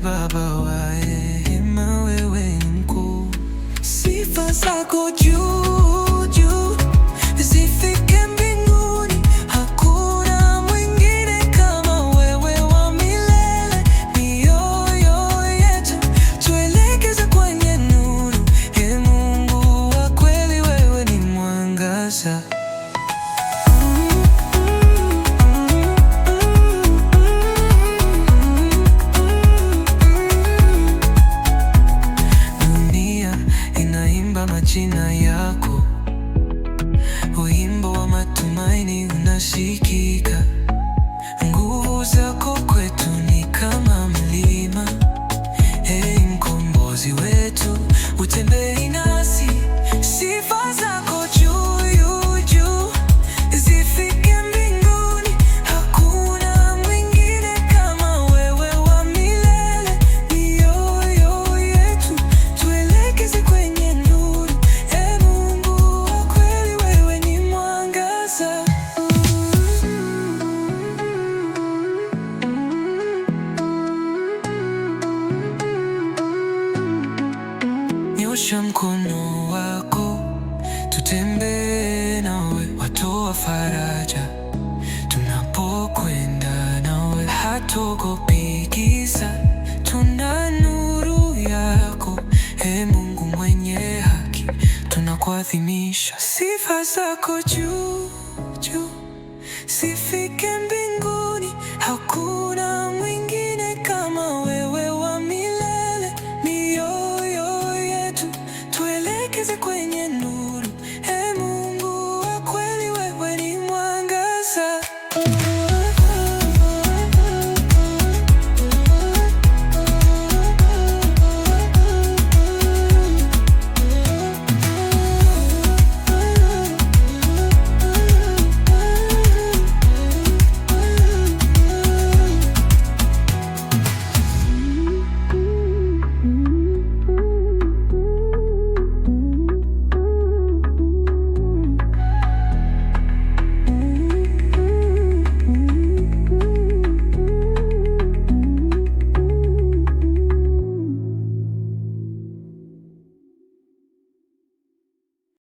Baba wa rehema, wewe mkuu, sifa zako juu juu zifike mbinguni. Hakuna mwingine kama wewe wa milele, mioyo yetu tuelekeze kwenye wa kweli, wewe ni mwangaza majina yako, wimbo wa matumaini unashikika. Nyosha mkono wako, tutembee nawe, watoa faraja tunapokwenda nawe, hatogopi giza, tuna nuru yako, e Mungu mwenye haki, tunakuadhimisha sifa zako juu juu, sifike